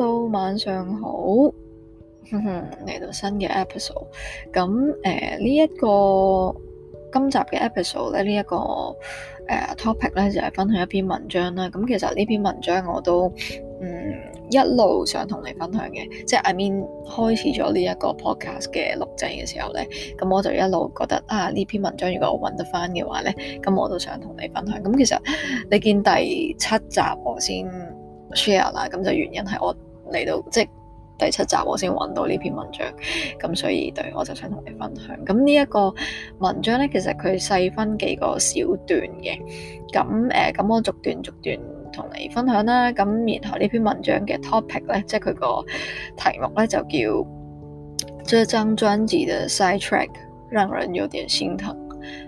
Hello，晚上好，嚟 到新嘅 episode，咁誒呢一、呃這個今集嘅 episode 咧，這個呃、呢一個誒 topic 咧就係、是、分享一篇文章啦。咁其實呢篇文章我都嗯一路想同你分享嘅，即係 I mean、嗯、開始咗呢一個 podcast 嘅錄製嘅時候咧，咁我就一路覺得啊呢篇文章如果我揾得返嘅話咧，咁我都想同你分享。咁、嗯、其實你見第七集我先 share 啦，咁就原因係我。嚟到即係第七集，我先揾到呢篇文章，咁所以對我就想同你分享。咁呢一個文章咧，其實佢細分幾個小段嘅，咁誒咁我逐段逐段同你分享啦。咁然後呢篇文章嘅 topic 咧，即係佢個題目咧就叫這張專輯嘅 side track，讓人有點心疼，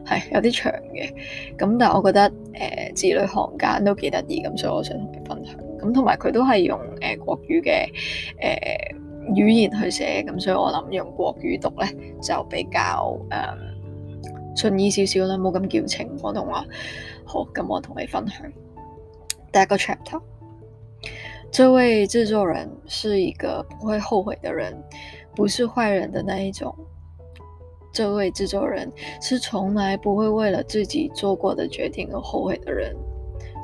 係有啲長嘅。咁但係我覺得誒字裏行間都幾得意咁，所以我想同你分享。咁同埋佢都係用誒、呃、國語嘅誒、呃、語言去寫，咁所以我諗用國語讀咧就比較誒、嗯、順耳少少啦，冇咁矯情講普通話。好，咁、嗯、我同你分享第一個 chapter。這位製作人是一個不會後悔的人，不是壞人的那一種。這位製作人是從來不會為了自己做過的決定而後悔的人。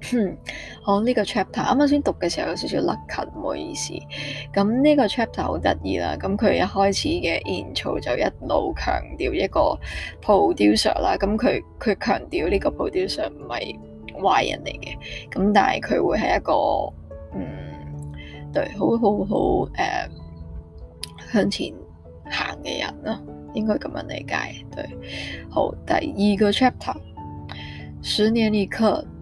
哼，我呢、嗯哦這個 chapter 啱啱先讀嘅時候有少少甩咳，唔好意思。咁、嗯、呢、這個 chapter 好得意啦。咁、嗯、佢一開始嘅 intro 就一路強調一個 producer 啦。咁佢佢強調呢個 producer 唔係壞人嚟嘅。咁、嗯、但係佢會係一個嗯對好好好誒、嗯、向前行嘅人啦，應該咁樣理解。對,、嗯嗯、對好，第二個 chapter 十年一刻。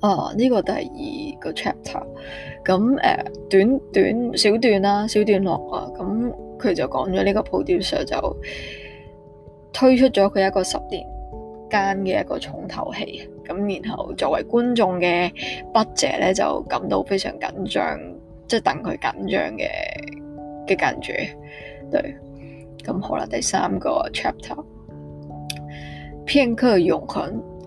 啊，呢、uh, 個第二個 chapter，咁誒、uh,，短短小段啦、啊，小段落啊，咁、嗯、佢就講咗呢個 producer 就推出咗佢一個十年間嘅一個重頭戲，咁、嗯、然後作為觀眾嘅筆者咧就感到非常緊張，即、就、係、是、等佢緊張嘅嘅跟住，對，咁好啦，第三個 chapter，片刻永恆。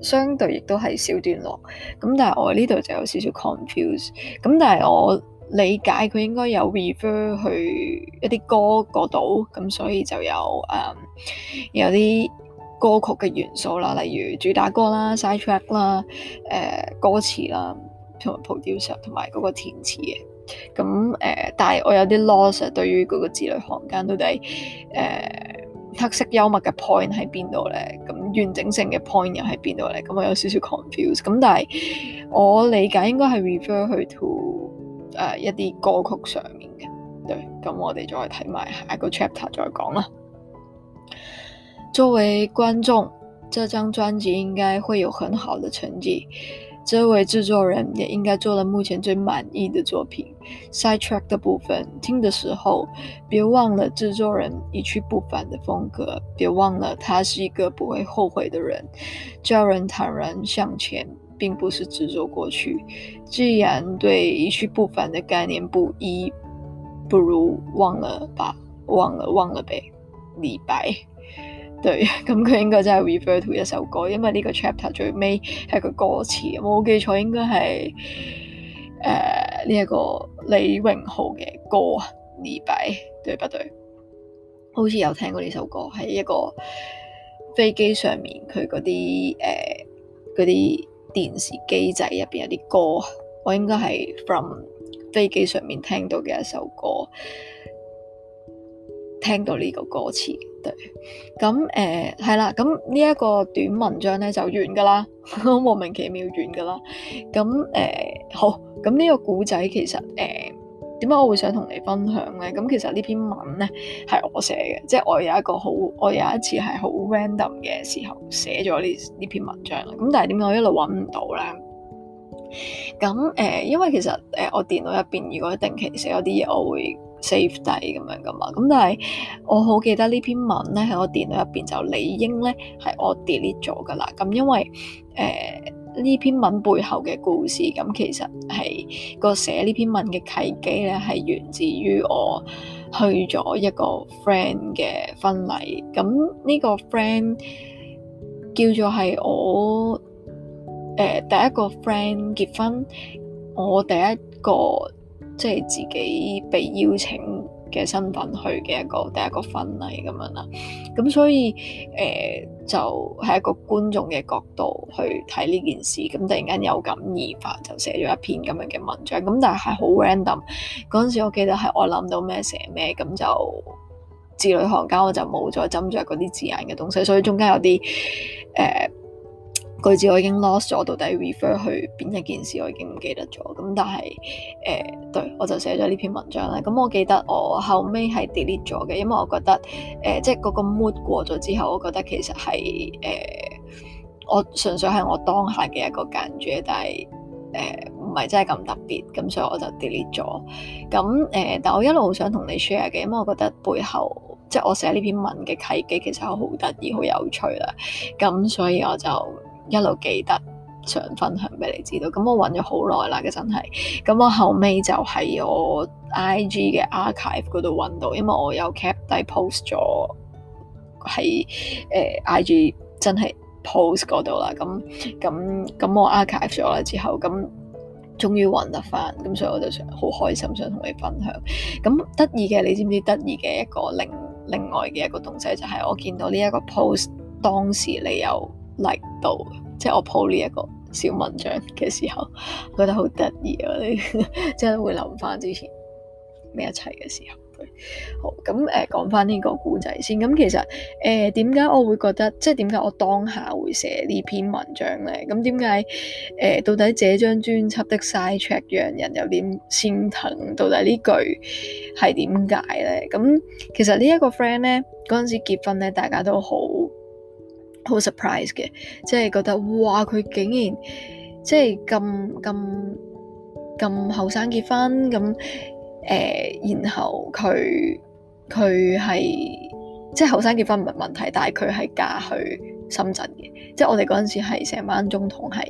相對亦都係小段落，咁但係我呢度就有少少 confuse，咁但係我理解佢應該有 refer 去一啲歌嗰度，咁所以就有誒、嗯、有啲歌曲嘅元素啦，例如主打歌啦、side track 啦、呃、誒歌詞啦，同埋 producer 同埋嗰個填詞嘅，咁誒但係我有啲 loss 啊，對於嗰個字裏行間到底誒黑色幽默嘅 point 喺邊度咧？咁。完整性嘅 point 又喺邊度嚟？咁我有少少 confuse。咁但係我理解應該係 refer 佢 to 誒、uh, 一啲歌曲上面嘅。對，咁我哋再睇埋下一個 chapter 再講啦。作為觀眾，這張專輯應該會有很好的成績。這位製作人也應該做了目前最滿意的作品，Side Track 的部分聽的時候，別忘了製作人一去不返的風格，別忘了他是一個不會後悔的人，叫人坦然向前，並不是執着過去。既然對一去不返的概念不一，不如忘了吧，忘了忘了唄，李白。對，咁佢應該真係 refer to 一首歌，因為呢個 chapter 最尾係個歌詞，我冇記錯應該係誒呢一個李榮浩嘅歌啊，李白對不對？好似有聽過呢首歌，喺一個飛機上面佢嗰啲誒啲電視機仔入邊有啲歌，我應該係 from 飛機上面聽到嘅一首歌。聽到呢個歌詞，對，咁誒係啦，咁呢一個短文章咧就完噶啦，莫 名其妙完噶啦，咁誒、呃、好，咁呢個古仔其實誒點解我會想同你分享咧？咁其實呢篇文咧係我寫嘅，即係我有一個好，我有一次係好 random 嘅時候寫咗呢呢篇文章啦，咁但係點解我一路搵唔到咧？咁誒、呃，因為其實誒、呃、我電腦入邊如果定期寫嗰啲嘢，我會。Safety 咁樣噶嘛？咁但係我好記得呢篇文咧喺我電腦入邊就理應咧係我 delete 咗噶啦。咁、嗯、因為誒呢、呃、篇文背後嘅故事，咁、嗯、其實係個寫呢篇文嘅契機咧係源自於我去咗一個 friend 嘅婚禮。咁、嗯、呢、呢個 friend 叫做係我誒、呃、第一個 friend 結婚，我第一個。即係自己被邀請嘅身份去嘅一個第一個婚禮咁樣啦，咁所以誒、呃、就係一個觀眾嘅角度去睇呢件事，咁突然間有感而發就寫咗一篇咁樣嘅文章，咁但係係好 random 嗰陣時，我記得係我諗到咩寫咩，咁就字裏行間，我就冇再斟酌嗰啲字眼嘅東西，所以中間有啲誒，呃句子我已經 lost 咗，到底 refer 去邊一件事，我已經唔記得咗。咁但係誒、呃，對，我就寫咗呢篇文章啦。咁我記得我後尾係 delete 咗嘅，因為我覺得誒、呃，即係嗰個 mood 過咗之後，我覺得其實係誒、呃，我純粹係我當下嘅一個間住。但係誒唔係真係咁特別，咁所以我就 delete 咗。咁誒、呃，但我一路好想同你 share 嘅，因為我覺得背後即係我寫呢篇文嘅契機其實好得意、好有趣啦。咁所以我就。一路記得想分享俾你知道，咁我揾咗好耐啦，嘅真係。咁我後尾就喺我 IG 嘅 archive 嗰度揾到，因為我有 cap 低 post 咗喺誒、呃、IG 真係 post 嗰度啦。咁咁咁我 archive 咗啦之後，咁終於揾得翻，咁所以我就想好開心，想同你分享。咁得意嘅，你知唔知得意嘅一個另另外嘅一個東西就係我見到呢一個 post，當時你有。力度，即係我鋪呢一個小文章嘅時候，覺得好得意啊！你即係會諗翻之前咩一齊嘅時候。好咁誒，講翻呢個故仔先。咁、嗯、其實誒、呃、點解我會覺得，即係點解我當下會寫呢篇文章咧？咁點解誒，到底這張專輯的 side track 讓人有點心疼？到底句呢句係點解咧？咁、嗯、其實呢一個 friend 咧，嗰陣時結婚咧，大家都好。好 surprise 嘅，即係覺得哇，佢竟然即係咁咁咁後生結婚咁，誒、呃，然後佢佢係即係後生結婚唔係問題，但係佢係嫁去深圳嘅，即係我哋嗰陣時係成班中同係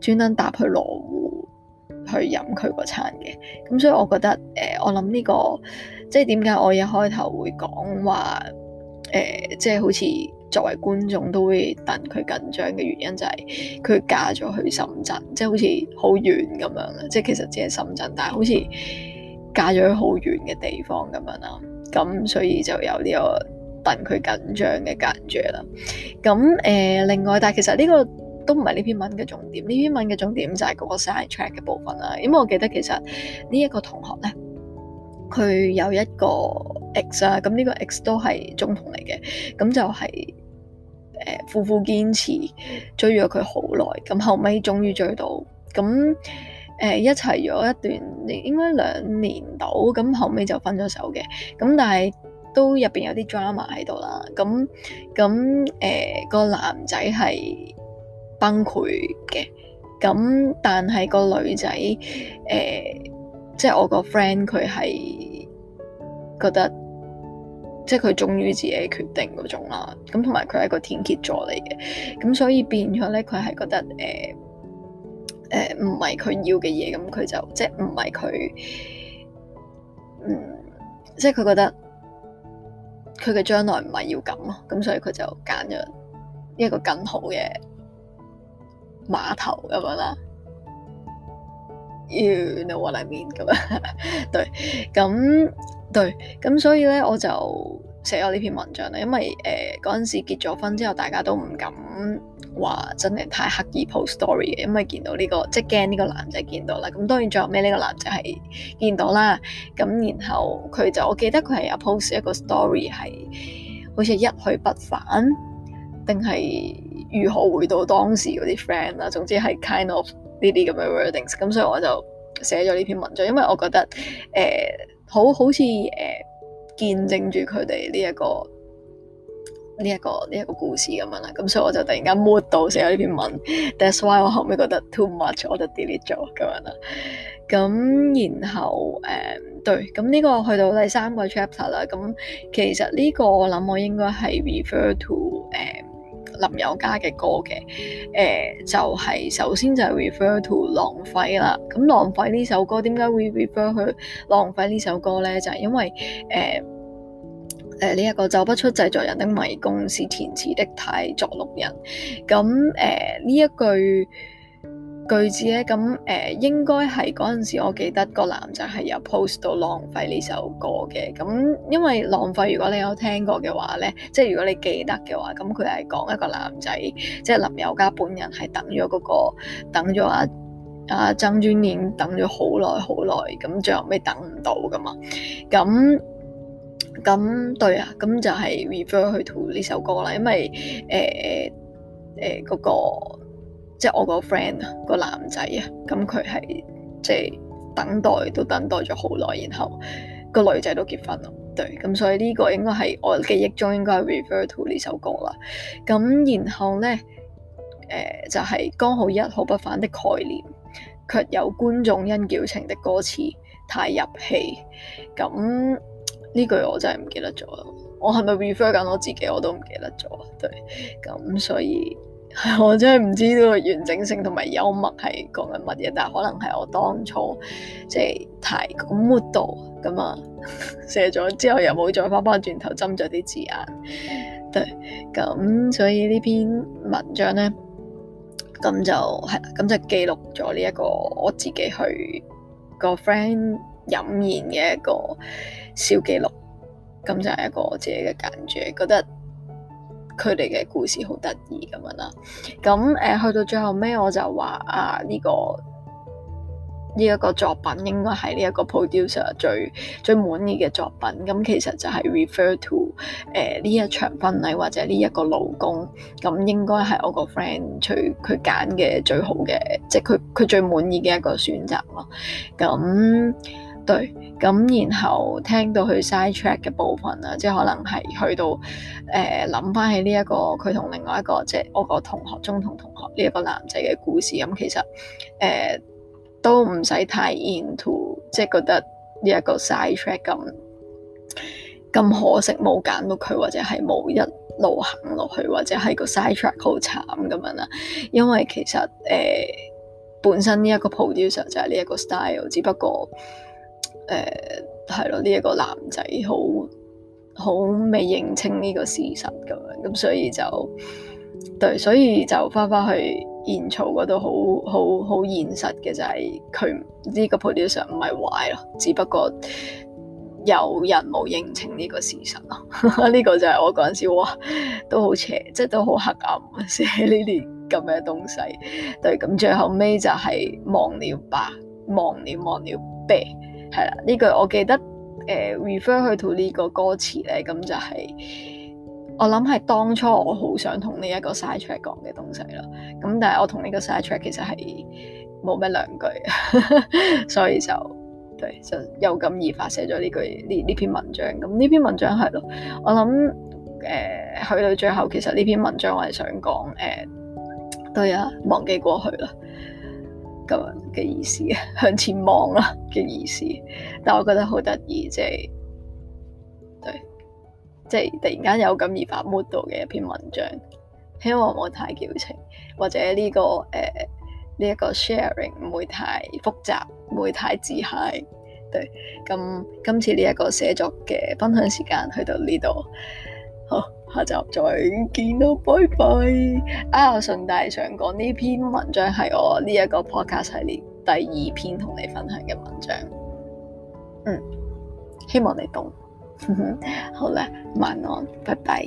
專登搭去羅湖去飲佢個餐嘅，咁所以我覺得誒、呃，我諗呢、這個即係點解我一開頭會講話誒，即係好似。作為觀眾都會戥佢緊張嘅原因就係佢嫁咗去深圳，即係好似好遠咁樣啦。即係其實只係深圳，但係好似嫁咗去好遠嘅地方咁樣啦。咁所以就有呢個戥佢緊張嘅感覺啦。咁誒、呃，另外，但係其實呢個都唔係呢篇文嘅重點。呢篇文嘅重點就係嗰個 side track 嘅部分啦。因為我記得其實呢一個同學咧，佢有一個 X 啊，咁呢個 X 都係總統嚟嘅，咁就係、是。誒，苦苦堅持追咗佢好耐，咁後尾終於追到，咁誒、呃、一齊咗一段，應該兩年到，咁後尾就分咗手嘅，咁但係都入邊有啲 drama 喺度啦，咁咁誒個男仔係崩潰嘅，咁但係個女仔誒、呃、即係我個 friend 佢係覺得。即係佢忠於自己決定嗰種啦，咁同埋佢係一個天蠍座嚟嘅，咁所以變咗咧，佢係覺得誒誒唔係佢要嘅嘢，咁佢就即係唔係佢，嗯，即係佢覺得佢嘅將來唔係要咁咯，咁所以佢就揀咗一個更好嘅碼頭咁樣啦。You know what I mean？咁樣，對，咁。對，咁所以咧，我就寫咗呢篇文章啦。因為誒嗰陣時結咗婚之後，大家都唔敢話真係太刻意 post story 嘅，因為見到呢個即係驚呢個男仔見到啦。咁當然最後尾呢個男仔係見到啦。咁然後佢就我記得佢係有 post 一個 story 係好似一去不返，定係如何回到當時嗰啲 friend 啦。總之係 kind of 呢啲咁嘅 wordings。咁所以我就寫咗呢篇文章，因為我覺得誒。呃好好似誒、呃，見證住佢哋呢一個呢一、呢個呢一、呢個故事咁樣啦，咁、嗯、所以我就突然間抹到寫咗呢篇文。 That's why 我後尾覺得 too much，我就 delete 咗咁樣啦。咁、嗯、然後誒、嗯，對，咁、嗯、呢、呢個去到第三個 chapter 啦。咁、嗯、其實呢個我諗我應該係 refer to 誒、嗯。林宥嘉嘅歌嘅，誒、呃、就係、是、首先就係 refer to 浪費啦。咁浪費呢首歌點解會 refer 去浪費呢首歌呢，就係、是、因為誒誒呢一個走不出製作人的迷宮是填詞的太作弄人。咁誒呢一句。句子咧咁誒，應該係嗰陣時，我記得個男仔係有 post 到《浪費》呢首歌嘅。咁、嗯、因為《浪費》，如果你有聽過嘅話咧，即係如果你記得嘅話，咁佢係講一個男仔，即係林宥嘉本人係等咗嗰、那個，等咗阿阿曾尊年等咗好耐好耐，咁、嗯、最後尾等唔到噶嘛。咁、嗯、咁、嗯、對啊，咁、嗯、就係 refer 去到呢首歌啦，因為誒誒誒嗰個。即係我個 friend 啊，個男仔啊，咁佢係即係等待都等待咗好耐，然後個女仔都結婚咯，對，咁、嗯、所以呢個應該係我記憶中應該係 refer to 呢首歌啦。咁、嗯、然後呢，誒、呃、就係、是、剛好一毫不反的概念，卻有觀眾因矯情的歌詞太入戲。咁、嗯、呢句我真係唔記得咗，我係咪 refer 緊我自己我都唔記得咗，對，咁、嗯、所以。我真係唔知呢個完整性同埋幽默係講緊乜嘢，但係可能係我當初即係提個 mood 咁啊，寫 咗之後又冇再翻翻轉頭斟咗啲字眼，對，咁所以呢篇文章呢，咁就係啦，咁就記錄咗呢一個我自己去個 friend 飲宴嘅一個小記錄，咁就係一個我自己嘅感覺，覺得。佢哋嘅故事好得意咁樣啦，咁、嗯、誒去到最後尾，我就話啊呢、這個呢一、這個作品應該係呢一個 producer 最最滿意嘅作品，咁、嗯、其實就係 refer to 誒、呃、呢一場婚禮或者呢一個老公，咁、嗯、應該係我個 friend 佢佢揀嘅最好嘅，即係佢佢最滿意嘅一個選擇咯，咁、嗯。嗯對，咁，然後聽到佢 side track 嘅部分啦，即係可能係去到誒諗翻起呢、這、一個佢同另外一個即係、就是、我個同學中同同學呢一個男仔嘅故事咁、嗯，其實誒、呃、都唔使太 into，即係覺得呢一個 side track 咁咁可惜冇揀到佢，或者係冇一路行落去，或者係個 side track 好慘咁樣啦。因為其實誒、呃、本身呢一個 producer 就係呢一個 style，只不過。誒，係咯、uh,，呢、這、一個男仔好好未認清呢個事實咁樣，咁所以就對，所以就翻翻去現場嗰度，好好好現實嘅就係佢呢個 position 唔係壞咯，只不過有人冇認清呢個事實咯。呢 個就係我嗰陣時哇，都好邪，即係都好黑暗寫呢啲咁嘅東西。對，咁最後尾就係忘了吧，忘了忘了別。係啦，呢句我記得誒、uh, refer 佢 to 呢個歌詞咧，咁就係我諗係當初我好想同呢一個 side track 講嘅東西啦。咁但係我同呢個 side track 其實係冇咩兩句， 所以就對，就有感而發寫咗呢句呢呢篇文章。咁呢篇文章係咯，我諗誒、uh, 去到最後，其實呢篇文章我係想講誒，uh, 對啊，忘記過去啦。咁嘅意思，向前望啦嘅意思，但我覺得好得意，即係，對，即係突然間有咁易發 model 嘅一篇文章，希望唔好太矯情，或者呢個誒呢一個 sharing 唔會太複雜，唔會太自嗨，對，咁今次呢一個寫作嘅分享時間去到呢度，好。下集再見咯，拜拜啊！我順帶想講，呢篇文章係我呢一個 podcast 系列第二篇同你分享嘅文章，嗯，希望你懂。嗯哼，好啦，晚安，拜拜。